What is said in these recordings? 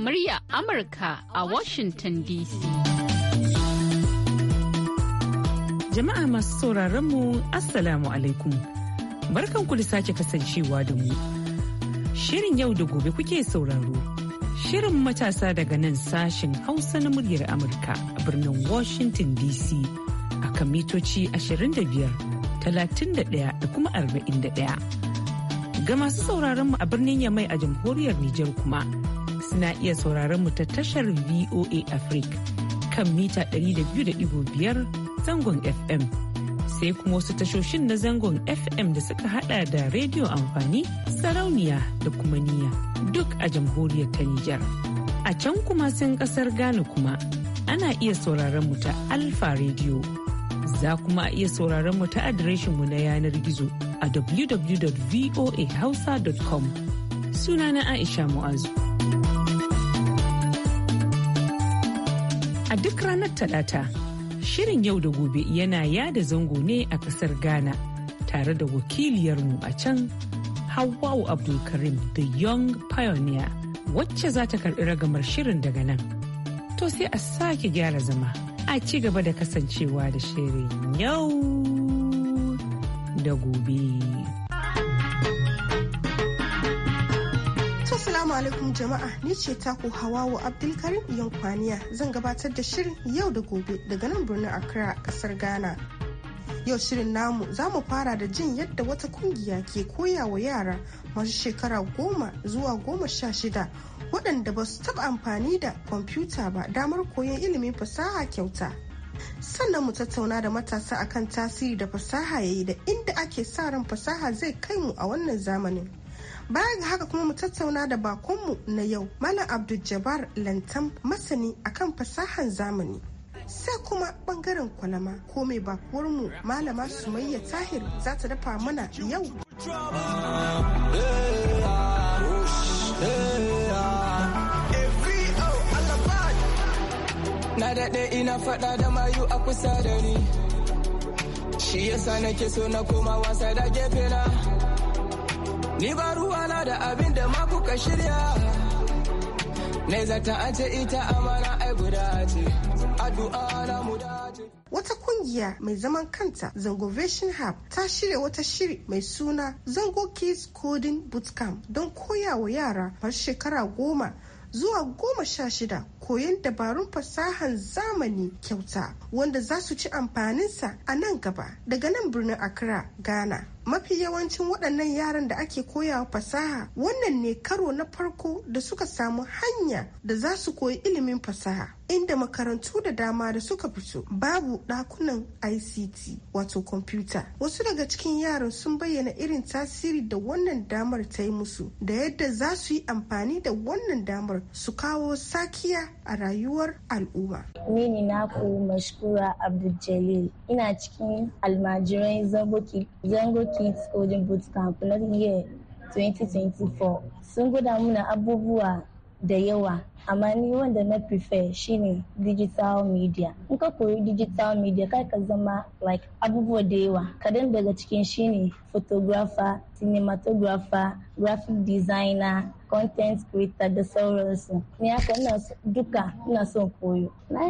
murya Amurka a Washington DC. Jama'a masu sauraron mu Assalamu alaikum. Barkanku da sake kasancewa da mu. Shirin yau da gobe kuke sauraro. Shirin matasa daga nan sashen Hausa na muryar Amurka a birnin Washington DC a kan mitoci 25, 31 da kuma 41. Ga masu sauraron mu a birnin Yamai a jamhuriyar Nijar kuma. suna iya sauraron mu ta tashar VOA Africa kan mita 200.5 zangon FM. Sai kuma wasu tashoshin na zangon FM da suka hada da rediyo amfani, sarauniya da kuma niya duk a jamhuriyar ta Nijar. A can kuma sun kasar Ghana kuma ana iya sauraron mu ta Alfa Radio. Za kuma iya sauraron mu ta adireshin mu na yanar gizo a www.voahausa.com. Sunana Aisha Mu'azu. A duk ranar Talata, shirin yau da gobe yana yada zango ne a kasar Ghana tare da wakiliyarmu a can Hawwau Abdulkarim The Young Pioneer wacce za ta karɓi ragamar shirin daga nan. To sai a sake gyara zama a ci gaba da kasancewa da shirin yau da gobe. Assalamu alaikum jama'a ni ce taku wa Abdulkarim kwaniya zan gabatar da shirin yau da gobe daga nan birnin Accra kasar Ghana. Yau shirin namu za mu fara da jin yadda wata kungiya ke koya wa yara masu shekara goma zuwa goma sha shida waɗanda ba su taɓa amfani da kwamfuta ba damar koyon ilimin fasaha kyauta. Sannan mu tattauna da matasa akan tasiri da fasaha yayi da inda ake sa ran fasaha zai kai mu a wannan zamanin. bayan ga haka kuma mu tattauna da bakonmu na yau Malam Abdul lantan masani akan fasahan zamani. sai kuma bangaren kwalama ko mai mu malama sumayya tahir za ta dafa mana yau na daɗe ina faɗa da mayu a kusa da ni shi yasa nake so na koma wasa da gefe na ni ba ruwana da abin da ma kuka shirya ne zata an ce ita amana ai guda ce addu'a na mu dace wata kungiya mai zaman kanta zango vision hub ta shirya wata shiri mai suna zango kids coding bootcamp don koya wa yara har shekara goma zuwa goma sha shida koyon dabarun fasahan zamani kyauta wanda za su ci amfaninsa a nan gaba daga nan birnin accra ghana mafi yawancin waɗannan yaran da ake koyawa fasaha wannan ne karo na farko da suka samu hanya da za su koyi ilimin fasaha inda makarantu da dama da suka fito babu ɗakunan ICT wato kwamfuta. Wasu daga cikin yaran sun bayyana irin tasiri da wannan damar ta yi musu da yadda za su yi amfani da wannan damar su kawo sakiya a rayuwar al'umma. na naku mashkura Abdul ina cikin almajiran zangoki zangoki Coding Bootcamp na year 2024 sun gwada muna abubuwa da yawa amma ni wanda na prefer shine digital media in ka koyi digital media kai ka zama like abubuwa da yawa kadan daga cikin shine photographer cinematographer graphic designer content creator da sauransu ni haka ina duka ina son koyo na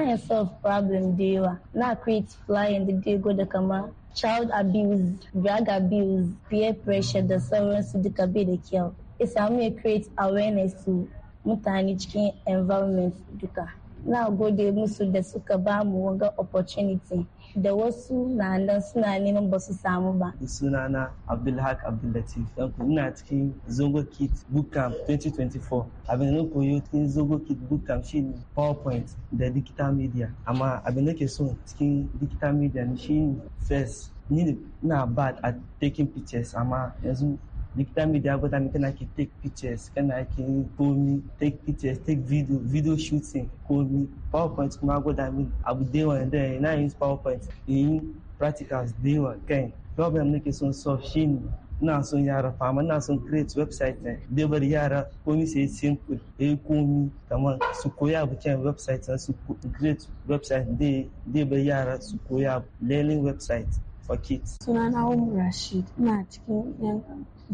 yin solve problem da yawa na create flyer da dego da kama child abuse drug abuse peer pressure da sauransu duka bai da kyau isa mu create awareness to mutane cikin environment duka na gode musu da suka ba mu waga opportunity da wasu na nan suna neman ba su samu ba. Sunana Abdulhaq Abdullatif dan ina cikin Zongo Kit Bootcamp 2024. Abin da yi cikin Zongo Kit Bootcamp shi PowerPoint da Digital Media. Amma abin da ke so cikin Digital Media shi ne first ni na bad at taking pictures amma yanzu duk time da ya gwada ni kana ki take pictures kana ki komi take pictures take video video shooting komi powerpoint kuma gwada min abu da yawa da na yin powerpoint in practicals da yawa kai problem nake son solve shine ina son yara fama ina son create website ɗin dai bari yara komi sai simple eh komi kamar su koya bikin website su create website dai bari yara su koya learning website for kids sunana Umu Rashid ina cikin yan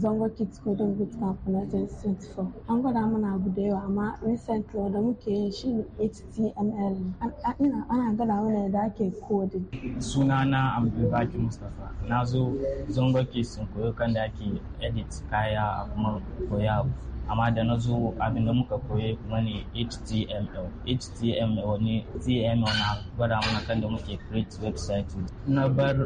zango kids golden ka kamfanin vincent an gwada mana abu da yawa amma recent law da muke yi shi ne html ana gwada mana yadda ake coding sunana abdulbaki mustapha na zo zango kids koyo kan da ake edit kaya a kuma koya amma da na zo abin da muka koya kuma ne html html ne html na gwada mana kan da muke create website na bar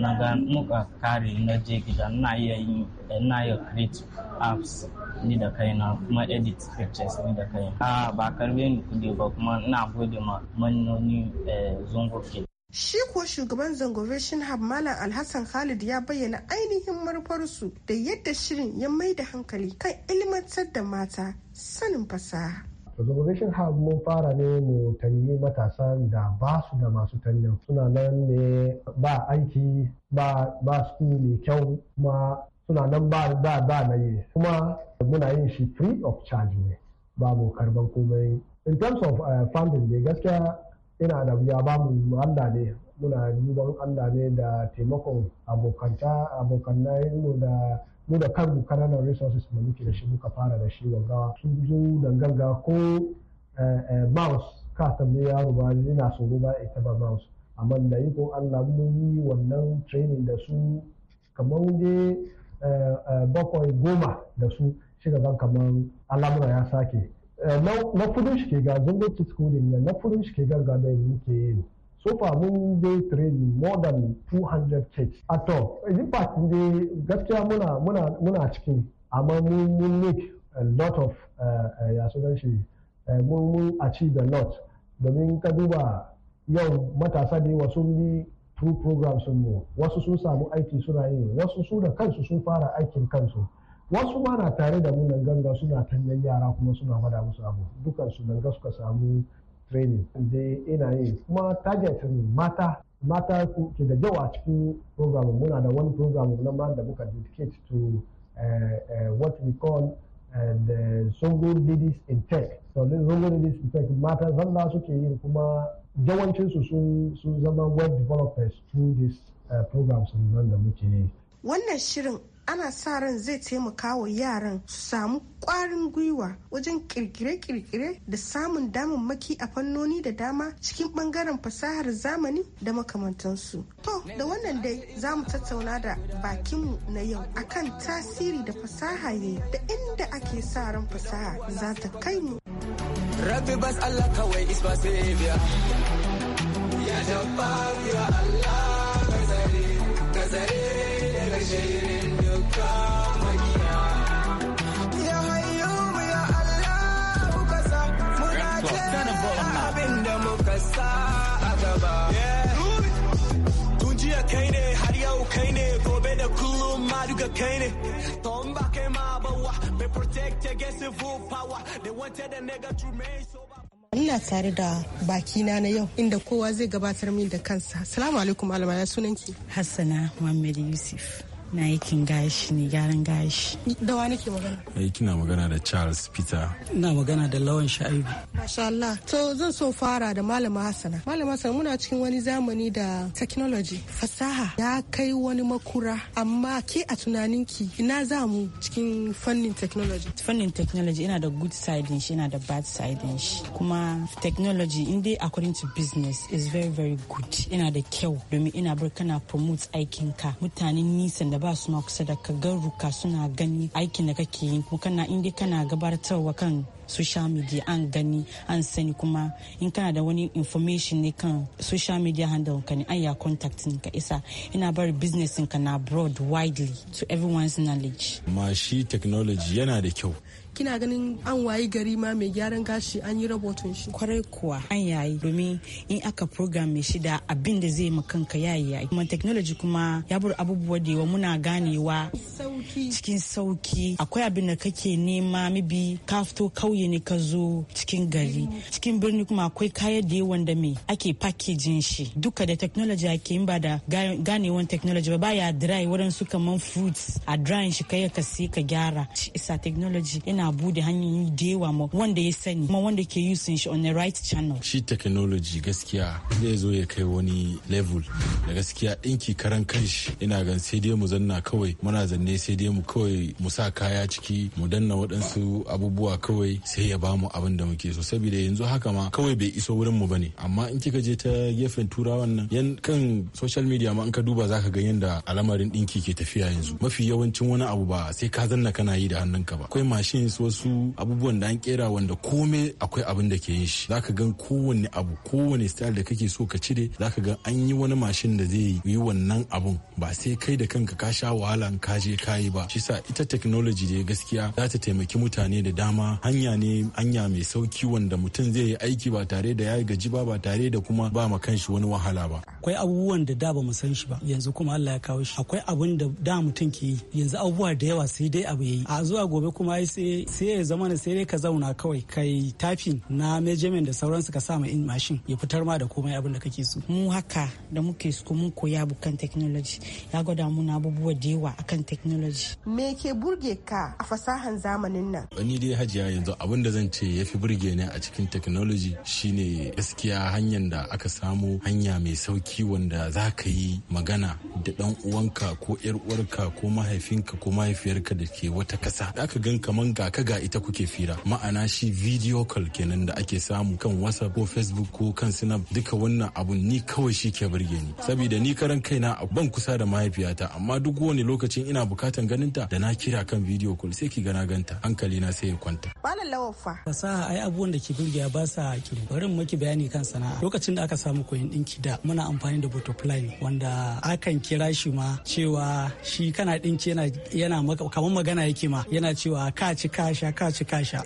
na ga muka kare na je gida na iya yin na iya create apps ni da kaina kuma edit pictures ni da kaina a ah, ba karbe ni kudi ba kuma na gode ma manoni eh, zungo Shi ko shugaban Zangobe Shinhab Malam Alhassan Khalid ya bayyana ainihin manufarsu da yadda shirin ya mai da hankali kan ilimantar da mata sanin fasaha. Zangobe hab mun fara ne mu tanyi matasan da ba su da masu tanyan suna nan ne ba aiki ba su mai kyau kuma suna nan ba ba ba na yi kuma muna yin shi free of charge ne babu karban komai in terms of eh, funding dai gaskiya ina da ya ba mu Allah ne muna duban Allah ne da taimakon abokanta abokanai mu da mu da kanmu kananan resources mu muke da shi muka fara da shi wanga sun zo da ganga ko eh, eh, mouse ka tambaye yaro ba yana tsoro ba ita ba mouse amma da ko Allah mun yi wannan training da su kamar dai eh, bakwai goma da su shiga ban kamar al'amura ya sake na kudin shi ke ga zon dey teach na kudin shi ke ga ga da muke yi so far mun dai training more than 200 kids at all fact dai gaskiya muna muna muna cikin amma mun mun make a lot of eh, eh, ya sunan shi eh, mun mun achieve a lot domin ka duba yau matasa ne wasu ni bi through programs mu wasu sun samu aiki suna yi wasu su da kansu sun fara aikin kansu wasu ma na tare da munan ganga suna tanyan yara kuma suna bada musu abu dukan su nan suka samu training da ina yi kuma target mata mata ke da yawa cikin program muna da wani program na ma da muka dedicate to uh, uh, what we call and eh, zongo ladies in tech so zongo ladies in tech mata zalla suke yin kuma yawancinsu sun zama web developers through this uh, programs nan da muke yi wannan shirin ana sa ran zai taimaka wa yaran su samu kwarin gwiwa wajen kirkire-kirkire da samun damammaki a fannoni da dama cikin bangaren fasahar zamani da makamantansu. To, da wannan dai za mu tattauna da bakinmu na yau akan tasiri da fasaha ne da inda ake sa ran fasaha za ta kai mu. Rabbi bas Allah kawai is ba Ya Jabbar ya Allah gazare gazare daga shirin abin da muka sa a gaba. Tun jiya kai ne har yau kai ne gobe da kullum ma duka kai ne. Tun ba kai ma bawa mai protect against evil power they wanted a nigga to tare da bakina na yau inda kowa zai gabatar min da kansa. Salamu alaikum alama ya sunanki. Hassana Muhammad Yusuf. na aikin gashi ne gyaran gashi. Da wa nake magana? Eh kina magana da Charles Peter. Ina magana da Lawan Sha'ibu. Masha Allah. To zan so fara da Malama Hassana. Malama Hassana muna cikin wani zamani da technology fasaha ya kai wani makura amma ke a tunaninki ina za mu cikin fannin technology. Fannin technology ina da good side shi ina da bad side shi kuma technology in dai according to business is very very good. Ina da kyau domin ina bar kana promote ka mutanen nisan da da ba su kusa da ka garuka suna gani aikin da kake yi kuma kana inda kana gabatarwa kan social media an gani an sani kuma in kana da wani information ne kan social media handle ka ne an ya contact ka isa ina bari business ka na abroad widely to everyone's knowledge ma technology yana da kyau kina ganin an wayi gari ma mai gyaran gashi an yi rabotun shi kwarai kuwa an yayi domin in aka program mai shida abin da zai makanka yi yayi kuma technology kuma ya bar abubuwa da yawa muna ganewa cikin sauki akwai abin da kake nema mibi ka fito kauye ƙauye ne ka zo cikin gari cikin birni kuma akwai kayan da yawan da me ake packaging shi duka da technology ake yin ba da ganewan technology ba baya dry waɗansu kaman fruits a drying shi kai ka sai ka gyara isa technology yana bude hanyoyin da yawa ma wanda ya sani kuma wanda ke using shi on the right channel shi technology gaskiya zai zo ya kai wani level da gaskiya ɗinki karan kanshi ina gan sai dai mu zanna kawai muna zanne sai dai mu kawai mu sa kaya ciki mu danna waɗansu abubuwa kawai sai ya bamu abin da muke so saboda yanzu haka ma kawai bai iso wurin mu bane amma in kika je ta gefen turawan nan yan kan social media ma in ka duba zaka ga yanda al'amarin dinki ke tafiya yanzu mafi yawancin wani abu ba sai ka zanna kana yi da hannunka ba akwai machines wasu abubuwan da an kera wanda komai akwai abin da ke yin shi zaka ga kowanne abu kowanne style da kake so ka cire zaka ga an yi wani machine da zai yi wannan abun ba sai kai da kanka ka sha wahala ka je kayi ba shi sa ita technology da gaskiya za ta taimaki mutane da dama hanya ne hanya mai sauki wanda mutum zai yi aiki ba tare da ya gaji ba ba tare da kuma ba ma kan shi wani wahala ba akwai abubuwan da da ba mu san shi ba yanzu kuma Allah ya kawo shi akwai abun da da mutum ke yi yanzu abubuwa da yawa sai dai abu yayi a zuwa gobe kuma ai sai sai ya zama sai dai ka zauna kawai kai tafin na measurement da sauransu ka sa ma in mashin ya fitar ma da komai abin da kake so mu haka da muke su mun koya kan technology ya gwada muna abubuwa da yawa akan technology me ke burge ka a fasahan zamanin nan ni dai hajiya yanzu abin da zan ce ya fi burge ni a cikin technology shine gaskiya hanyar da aka samu hanya mai sauki wanda za ka yi magana da dan uwanka ko yar uwarka ko mahaifinka ko mahaifiyarka da ke wata kasa da aka gan kaman ga ka ga ita kuke fira ma'ana shi video call kenan da ake samu kan whatsapp ko facebook ko kan snap duka wannan abun ni kawai shi ke burge ni saboda ni karan kaina a ban kusa da mahaifiyata amma duk wani lokacin ina bukatan ganinta da na kira kan video call sai ki gana ganta hankali na sai ya kwanta lawal Fasaha ai abubuwan da ke burgewa ba sa kiro. Bari maki bayani kan sana'a. Lokacin da aka samu koyon ɗinki da muna amfani da butterfly wanda akan kira shi ma cewa shi kana ɗinki yana yana kamar magana yake ma yana cewa ka ci kasha ka ci kasha.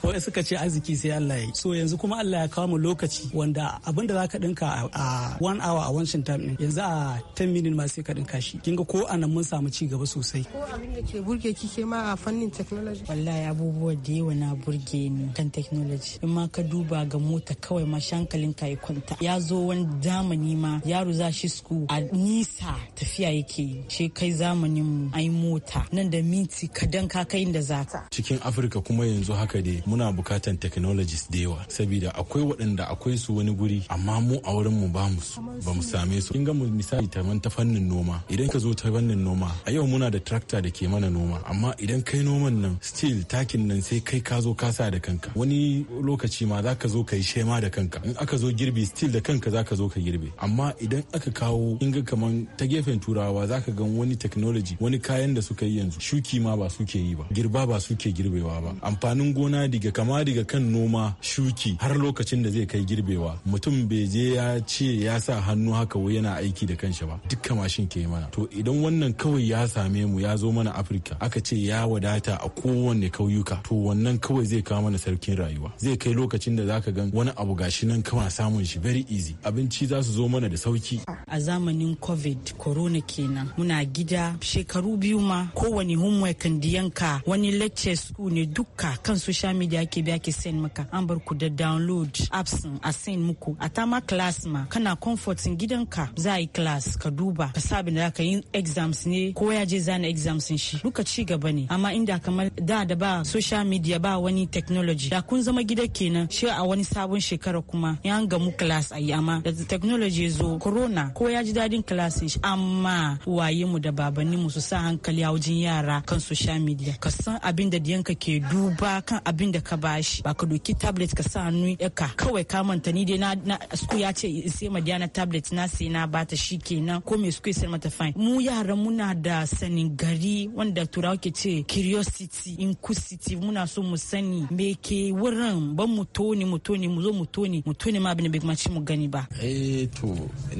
Ko suka ce arziki sai Allah ya yi. So yanzu kuma Allah ya kawo mu lokaci wanda abin da zaka ɗinka a one hour a wancan time ɗin yanzu a ten minutes ma sai ka ɗinka shi. Kinga ko anan mun samu ci gaba sosai. Ko abin da ke burge kike ma a fannin technology. Wallahi abubuwa da yawa na burge ni kan technology in ma ka duba ga mota kawai ma shankalin ka ya kwanta ya zo wani zamani ma yaro za shi sku a nisa tafiya yake shi kai zamanin mu ai mota nan da minti kadan ka kai inda za ka cikin afirka kuma yanzu haka dai muna bukatan technologies da yawa saboda akwai waɗanda akwai su wani guri amma mu a wurin mu ba mu ba mu same su kinga mu misali ta ta fannin noma idan ka zo ta fannin noma a yau muna da tractor da ke mana noma amma idan kai noman nan still takin nan sai kai ka zo ka sa da kanka wani lokaci ma za ka zo ka yi shema da kanka in aka zo girbi still da kanka za ka zo ka girbe amma idan aka kawo in ga kaman ta gefen turawa za ka gan wani technology wani kayan da suka yi yanzu shuki ma ba suke yi ba girba ba suke girbewa ba amfanin gona diga kama diga kan noma shuki har lokacin da zai kai girbewa mutum bai je ya ce ya sa hannu haka wai yana aiki da kanshi ba dukka mashin ke mana to idan wannan kawai ya same mu ya zo mana afirka aka ce ya wadata a kowanne kauyuka to wannan kawai kawai zai kawo mana sarkin rayuwa zai kai lokacin da zaka gan wani abu gashi nan kawai samun shi very easy abinci za su zo mana da sauki a zamanin covid corona kenan muna gida shekaru biyu ma kowane homework diyanka wani lecture school ne duka kan social media ake biya ke send maka an bar ku da download apps a send muku a ma class ma kana comfort gidanka za a yi class ka duba ka sa da ka yi exams ne ko ya je zana exams shi duka ci gaba ne amma inda kamar da da ba social media ba wani technology da kun zama gida kenan shi a wani sabon shekara kuma ya gamu class ayi amma da technology zo corona ko ya ji dadin classin shi amma waye mu da babanni mu su sa hankali a wajen yara kan social media ka san abin da diyanka ke duba kan abin da ka bashi ba ka doki tablet ka sa hannu ka kawai ka manta ni dai na school ya ce sai ma diyana tablet na sai na bata kenan ko me school sai mata fine mu yaran muna da sanin gari wanda turawa ke ce curiosity inquisitive muna so mu sani me ke wurin ban mu tone mu tone mu zo mu tone mu tone ma abin da bai kuma ci mu gani ba eh to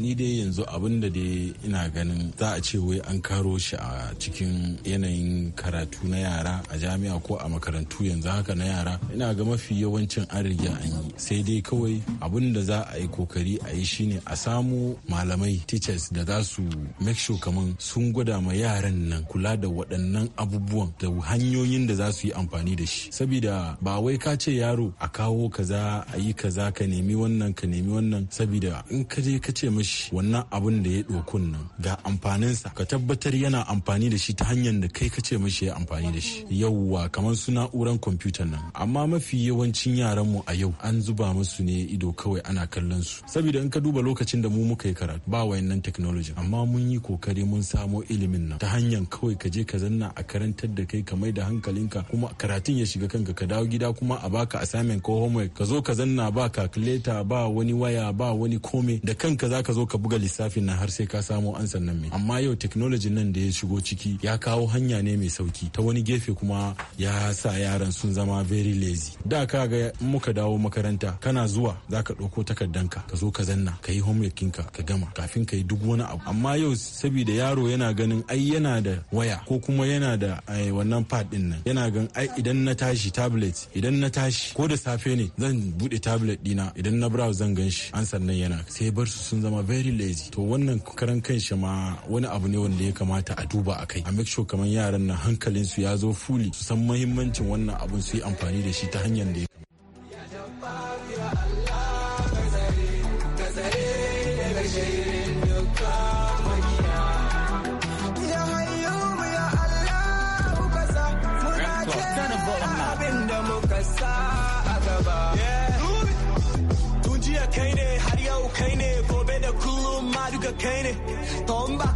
ni dai yanzu abin da dai ina ganin za a ce wai an karo shi a cikin yanayin karatu na yara a jami'a ko a makarantu yanzu haka na yara ina ga mafi yawancin an riga an yi sai dai kawai abin da za a yi kokari a yi shine a samu malamai teachers da za su make sure kaman sun gwada ma yaran nan kula da waɗannan abubuwan da hanyoyin da za su yi amfani da shi saboda sabida ba wai ka ce yaro a kawo kaza a yi kaza ka nemi wannan ka nemi wannan sabida in ka je ka ce mashi. wannan abun da ya dokun nan ga amfaninsa ka tabbatar yana amfani da shi ta hanyar da kai ka ce mashi ya amfani da shi yauwa kamar su na'uran kwamfutar nan amma mafi yawancin yaran mu a yau an zuba musu ne ido kawai ana kallon su sabida in ka duba lokacin da mu muka yi karatu ba wayannan technology amma mun yi kokari mun samo ilimin nan ta hanyar kawai ka je ka zanna a karantar da kai ka mai da hankalinka kuma karatun ya shiga kanka ka dawo gida kuma a baka assignment ko homework ka zo ka zanna ba calculator ba wani waya ba wani kome da kanka zaka zo ka buga lissafin nan har sai ka samu ansan nan mai amma yau technology nan da ya shigo ciki ya kawo hanya ne mai sauki ta wani gefe kuma ya sa yaran sun zama very lazy da ka ga muka dawo makaranta kana zuwa zaka ɗauko takardanka ka zo ka zanna ka yi kinka ka gama kafin ka yi duk wani abu amma yau saboda yaro yana ganin ai yana da waya ko kuma yana da eh, wannan pad din nan yana gan ai idan na tashi tablet idan na tashi ko da safe ne zan bude tablet dina idan na browse zan gan shi an sannan yana sai bar su sun zama very lazy to wannan karan kan shi ma wani abu ne wanda ya kamata a duba a kai a make sure kamar yaran nan hankalin su ya zo fuli su san mahimmancin wannan abun su yi amfani da shi ta hanyar da ya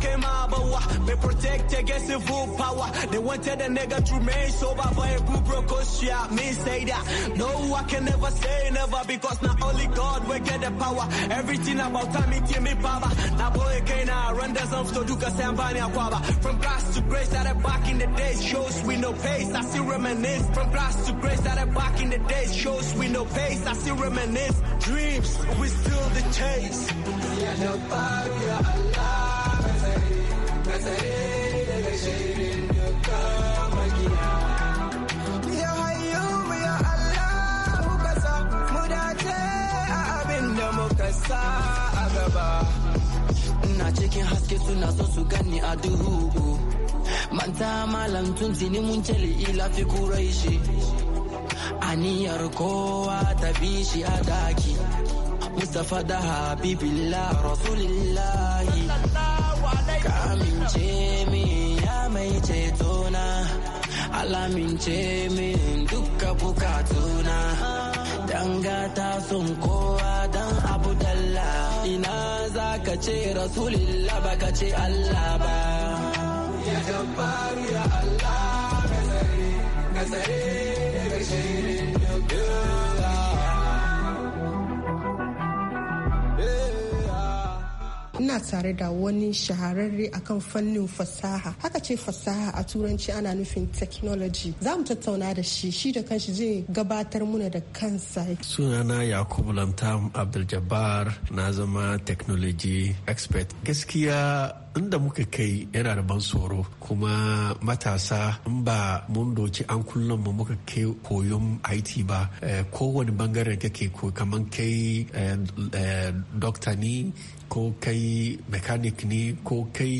came They protect against full power. They wanted a nigga to remain sober, but a group broke yeah, Me say that. No, I can never say never because not only God will get the power. Everything about time, it give me power. Now, boy, can I run the zone to Duka Sambani Aquaba? From grass to grace, that the back in the days, shows we no pace. I still reminisce. From grass to grace, that the back in the days, shows we no pace. I still reminisce. Dreams, we still the chase. Yeah, nobody sa a gaba ina cikin haske suna so su gani a duhu manta malam tun tuni mun cele ila fi kurai shi aniyar kowa ta bi shi a daki mustafa da Habibillah Rasulillahi Ka ce min ya mai ceto na ce min dukka bukatuna ta sun kowa dan abu ina za ka ce rasulillah ba ka ce Allah ba ya jabbar ya Allah ka tsare ka tsare daga shirin tare da wani shahararre akan fannin fasaha haka ce fasaha a turanci ana nufin technology za mu tattauna da shi shi da kanshi zai gabatar muna da kansa sunana yakubu lantam abdul jabbar na zama technology expert gaskiya inda muka kai yana da ban tsoro kuma matasa in ba mun doki an kullum mu muka kai koyon IT ba eh, kowane bangare kake kaman kamar kai eh, eh, dokta ni ko kai mechanic ne ko kai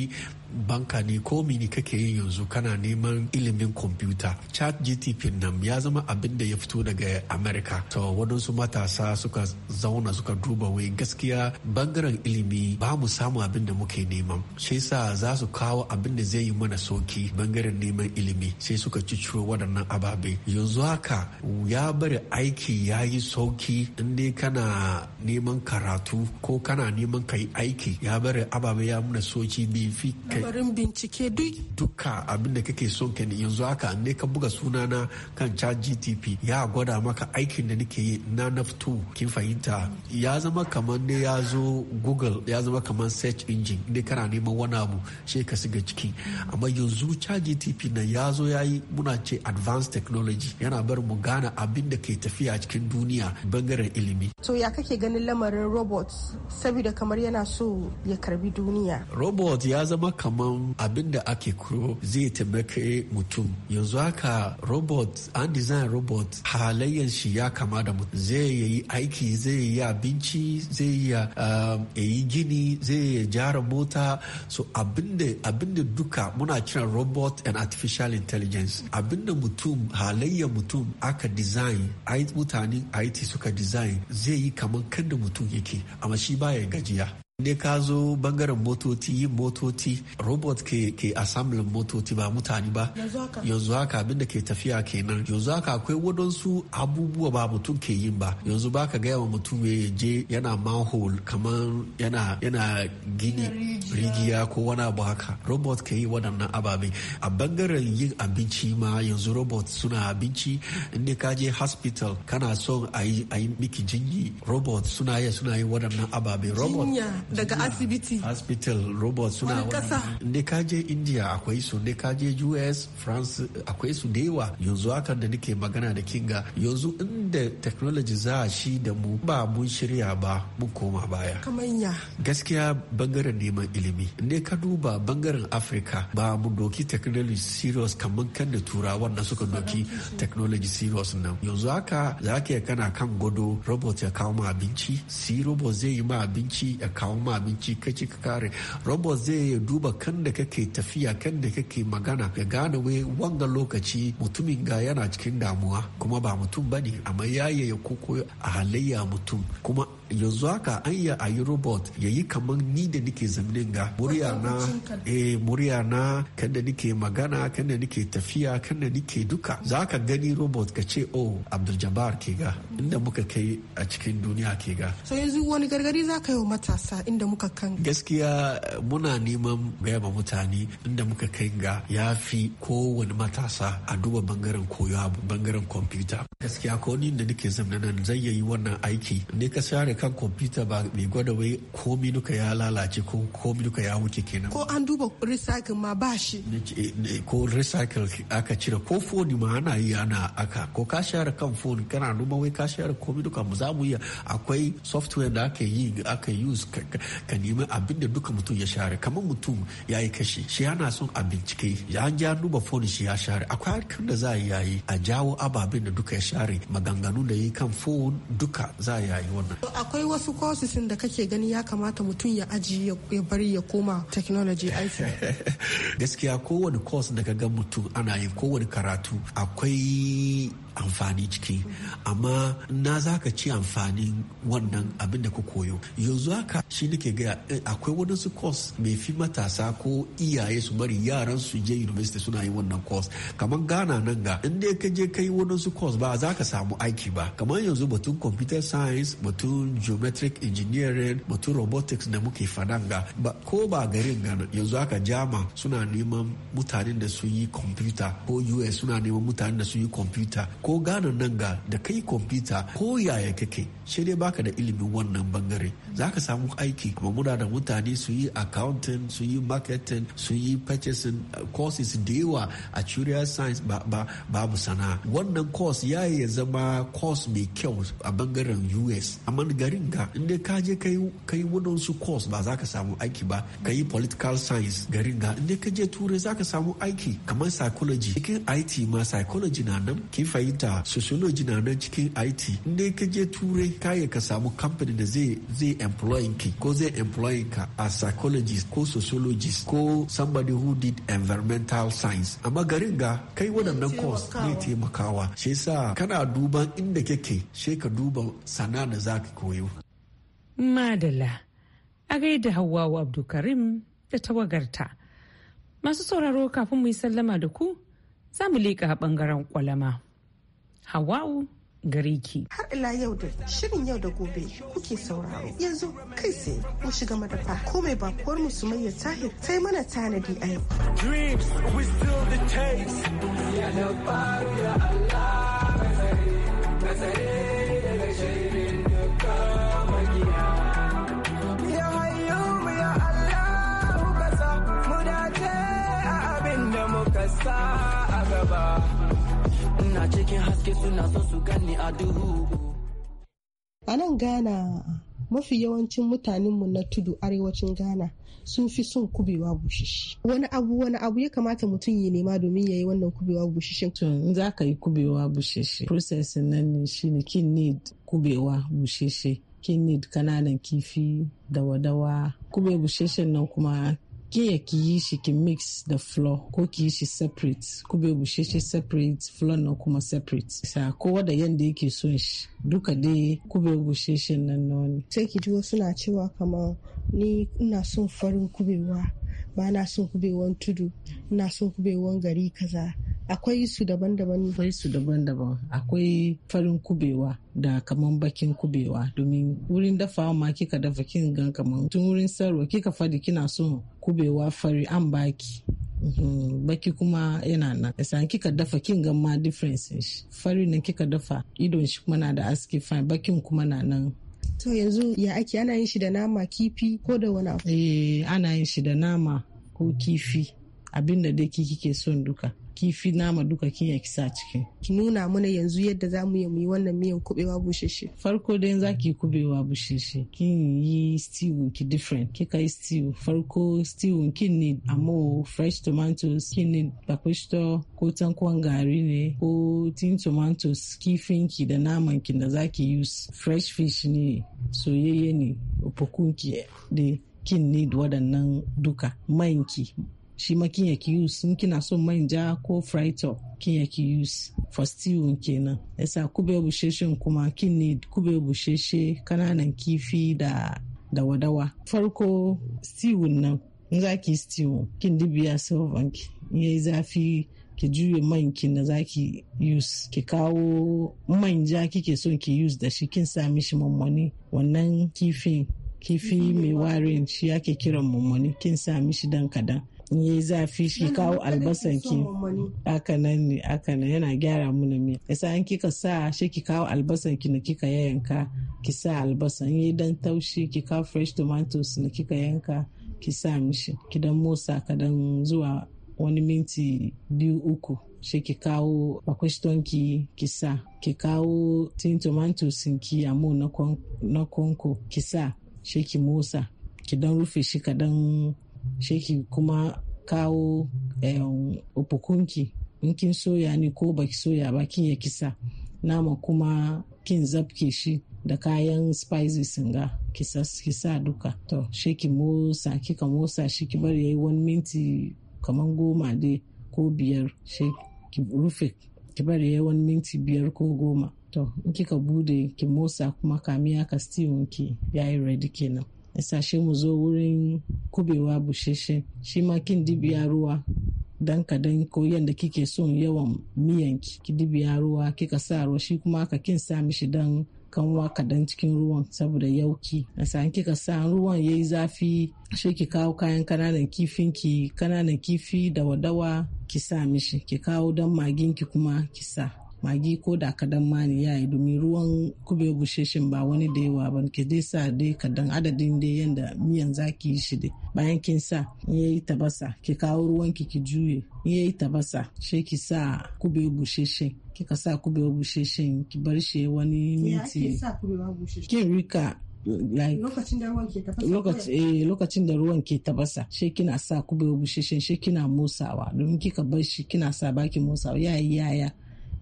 banka ne ko mini kake yin yanzu kana neman ilimin kwamfuta chat gtp nan ya zama abin da ya fito daga amerika to wadansu matasa suka zauna suka duba wai gaskiya bangaren ilimi ba mu samu abin da muke neman shi yasa za su kawo abin da zai yi mana soki bangaren neman ilimi sai suka ciciro waɗannan ababe yanzu haka ya bari aiki ya yi sauki in dai kana neman karatu ko kana neman ka yi aiki ya bari ababe ya mana soki bi fi barin bincike duk dukka abin da kake son ka yanzu haka ne ka buga sunana kan chat gtp ya gwada maka aikin da nake yi na naftu kin fahimta ya zama kamar ne ya zo google ya zama kamar search engine ne kana neman wani abu sai ka shiga ciki amma yanzu chat gtp na ya zo ya yi muna ce advanced technology yana bar mu gane abin da ke tafiya cikin duniya bangaren ilimi to ya kake ganin lamarin robot saboda kamar yana so ya karbi duniya robot ya zama kamar kamar abin da ake kuro zai taimaka mutum yanzu haka robot an design robot halayyar shi ya kama da mutum zai yi aiki zai yi abinci zai um, yi gini zai yi jara mota so abin da duka muna kiran robot and artificial intelligence abin da mutum halayyar mutum aka design mutane IT suka design zai yi kamar kan da mutum yake amma shi baya gajiya ne ka zo bangaren motoci yin motoci robot ke ke assemblin motoci ba mutane ba yanzu haka abinda ke tafiya kenan yanzu haka akwai wadansu abubuwa ba mutum ke yin ba yanzu ba ka gaya wa mutum ya je yana manhole kamar yana yana gini rigiya ko wani abu haka robot ke yi waɗannan ababe a bangaren yin abinci ma yanzu robot suna abinci inda ka je hospital kana son a yi miki jinyi robot suna yi suna yi waɗannan ababe robot daga asibiti hospital robot suna kasa ne ka je india akwai su ne ka je us france akwai su da yawa yanzu haka da nake magana da kinga yanzu inda technology za a shi da mu ba mun shirya ba mun koma baya kamanya gaskiya bangaren neman ilimi ne ka duba bangaren afirka ba mu doki technology serious kamar kan da turawan da suka doki technology serious nan yanzu haka za ka kana kan gado robot ya kawo ma abinci si robot zai yi ma abinci ya kawo samu abinci kaci ka kare robot zai ya duba kan da kake tafiya kan da kake magana ga gane wai wanga lokaci mutumin ga yana cikin damuwa kuma ba mutum bane amma yaya ya koko a halayya mutum kuma yanzu haka an yi a yi robot ya yi kamar ni da nike zamanin ga murya na eh, murya na kan da nike magana kan da nike tafiya kan da nike duka za ka gani robot ka ce oh abdul jabbar ke ga inda muka kai a cikin duniya ke ga so yanzu wani gargadi za ka yi wa matasa inda muka kan gaskiya muna neman gaya ma mutane inda muka kai ga ya fi kowane matasa a duba bangaren koyo bangaren kwamfuta gaskiya ko ni da nike zamanin zai yi wannan aiki ne ka kan kwamfuta ba bai gwada wai komi duka ya lalace ko komi duka ya wuce kenan ko an duba recycle ma ba shi ko recycle aka cire ko foni ma ana yi ana aka ko ka share kan foni kana duba wai ka share komi duka mu za mu yi akwai software da aka yi aka use ka nemi abin da duka mutum ya share kamar mutum ya yi kashi shi yana son a bincike ya an ja duba foni shi ya share akwai harkar da za a yi yayi a jawo ababen da duka ya share maganganu da yi kan fon duka za a yi wannan akwai wasu courses da kake gani ya kamata mutum ya aji ya bari ya koma technology aiki gaskiya kowane course da ka ga mutum ana yin kowane karatu akwai amfani ciki amma na za ka ci amfani wannan abin da ka koyo yanzu haka shi nake gaya eh, akwai wadansu course mai fi matasa ko iyaye su bari yaran su je university suna yin wannan course kamar gana nan ga in dai ka je kai wadansu course ba za ka samu aiki ba kamar yanzu batun computer science batun geometric engineering batun robotics da muke fadan ga ko ba garin ga yanzu haka jama suna neman mutanen da su yi computer ko us suna neman mutanen da su yi computer ko gano nan ga da kai kwamfuta ko yaya kake shi dai baka da ilimin wannan bangare za ka samu aiki kuma muna da mutane su yi accounting su yi marketing su yi purchasing uh, courses da yawa a actuarial science babu sana'a wannan course ya ya zama course mai kyau a bangaren us amma garin ka inda ka je ka yi wadansu course ba za ka samu aiki ba ka yi political science garin ka inda ka je turai za ka samu aiki kamar psychology cikin it ma psychology na nan kin fahimta sociology na nan cikin it inda ka je turai kaya ka samu kamfani da zai zai employing ki ko zai employing ka a psychologist ko sociologist ko somebody who did environmental science amma garin ga kai waɗannan course ne taimakawa shi yasa kana duban inda kake shi ka duba sana da za ka koyo madala a gaida hawawa abdulkarim da tawagarta masu sauraro kafin mu yi sallama da ku za mu leƙa ɓangaren kwalama hawa'u gare ki. Har ila yau da shirin yau da gobe kuke sauraro. Yanzu kai sai mu shiga madafa komai bakuwar mu Sumayya Tahir ta yi mana tanadi a yau. Dreams we still the chase. Ya da ya Allah na tsare, da a cikin haske suna so su gani a duhu a nan ghana mafi yawancin mutanenmu na tudu arewacin ghana sun fi son kubewa bushishi wani abu wani abu ya kamata mutum ya nema domin ya yi wannan kubewa bushishi. to za ka yi kubewa bushishi processin nan ne shi ne kin need kubewa bushishi kin need kananan kifi dawa-dawa kube bushishin nan kuma ke ki yi shi ki mix da flo ko ki yi shi separate bai bushe shi separate flour na kuma separate sa kowa da yanda yake son shi duka dai kube bushe shi na wani sai ki ji wasu na cewa kamar ni ina son farin kubewa ba na son kubewan tudu ina son kubewan gari kaza akwai su daban-daban akwai su daban-daban akwai farin kubewa da kaman bakin kubewa domin wurin dafawa ma kika dafa kin gan kaman tun wurin sarwa kika fadi kina son kubewa fari an baki mhm. baki kuma yana nan san kika dafa kin gan ma difference fari nan kika dafa idon shi kuma na da aski fine bakin kuma na nan to yanzu ya ake ana yin shi da nama kifi ko da wani abu eh ana yin shi da nama ko kifi abinda dai kike son duka kifi nama duka kin ya kisa ciki ki nuna mana yanzu yadda za mu yi wannan miyan kubewa busheshe farko dai za ki kubewa busheshe kin yi stew ki different kika yi stew farko stew kin need amo fresh tomatoes kin need bakwisto ko tankwan gari ne ko tin tomatoes kifin ki da naman ki da za ki use fresh fish ne soyayye ne ki ne, kin need waɗannan duka manki shi ma kin use in kina son manja ko frito kin yaki use for stew kenan yasa kube busheshen kuma kin kube busheshe kananan kifi da dawa-dawa farko stew nan in za ki stew kin dibiya silvan ki yayi zafi ki juye man ki na ki use ki kawo manja kike son ki use da shi kin sa mishi mammani wannan kifin kifi mai warin shi ake kiran mummuni kin sa mishi dan kadan in yi zafi shi kawo albasan ki nan ne nan yana gyara mana miya yasa in kika sa shi ki kawo albasan ki na kika yanka ki sa albasan yi dan taushi ki kawo fresh tomatoes na kika yanka ki sa mishi ki dan motsa kadan zuwa wani minti biyu uku shi ki kawo akwashtonki ki sa ki kawo tin tomatoes ki amu na konko ki sa shi ki motsa ki dan rufe shi kadan sheki kuma kawo upukunki in kin soya ne ko baki soya ba kin ya kisa nama kuma kin zafke shi da kayan spices singa, kisa kisa duka to sheki motsa kika motsa shi ki bari yayi wani minti kamar goma dai ko biyar ki rufe ki bari yayi wani minti biyar ko goma to in kika bude ki motsa kuma kamiya ka stew ki yayi ready kenan ya sashe mu zo wurin kubewa busheshe shi ma kin dibiya ruwa dan kadan ko yadda kike son yawan miyan ki dibiya ruwa kika sa ruwa shi kuma ka kin sa mishi dan kanwa kadan cikin ruwan saboda yauki na kika sa ruwan yayi zafi shi ki kawo kayan kananan kifin ki kananan kifi da wadawa ki sa mishi ki kawo dan maginki kuma ki sa magi ko da kadan ma ne yayi domin ruwan kube busheshin ba wani da yawa ba ke dai sa dai kadan adadin dai yadda miyan zaki yi shi dai bayan kin sa in yi tabasa ki kawo ruwan ki ki juye in yi tabasa sai ki sa kube busheshin kika sa kube busheshin ki bar shi wani minti kin rika lokacin da ruwan ke tafasa eh lokacin da ruwan ke tafasa she kina sa kubewa busheshen she kina musawa domin kika bar shi kina sa baki musawa yayi yaya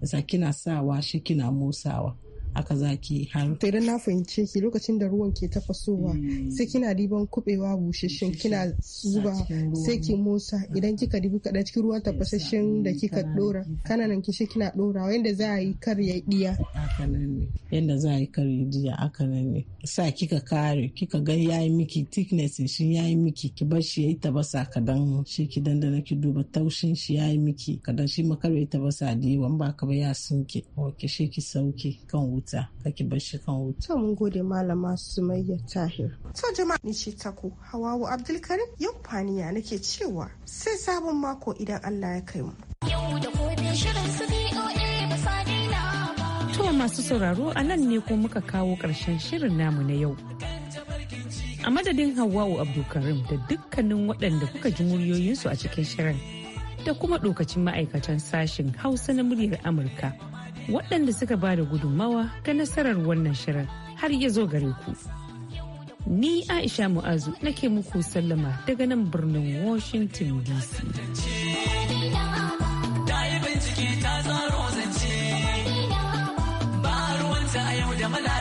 za kina sawa shi kina musawa haka zaki har. To idan na fahimce ki lokacin da ruwan ke tafasowa hmm. sai kina diban kubewa busasshen kina zuba sai ki musa idan kika dibi kaɗan cikin ruwan tafasasshen da kika dora kana nan kishi kina dora za a yi kar ya diya. Yanda za a yi kar ya diya aka nan ne. Sa kika kare kika ga yi miki thickness shi yi miki ki bar shi yi tabasa kaɗan shi ki dandana ki duba taushin shi yayi miki kadan shi makar ya tabasa da yawan ba ka ba ya sunke. Ki shi ki sauke kan wuta. huta kake kan huta. To mun gode malama Sumayya Tahir. To jama'a ni ce tako Hawawu Abdulkarim yau faniya nake cewa sai sabon mako idan Allah ya kai mu. To masu sauraro a nan ne ko muka kawo ƙarshen shirin namu na yau. A madadin Hawwa'u Abdulkarim da dukkanin waɗanda kuka ji muryoyinsu a cikin shirin da kuma ɗokacin ma'aikatan sashen Hausa na muryar Amurka. waɗanda suka ba da gudunmawa ga nasarar wannan shirin har ya zo gare ku. Ni Aisha Mu'azu nake muku sallama daga nan birnin Washington DC. bincike ta zaro zance, ba ruwanta a yau da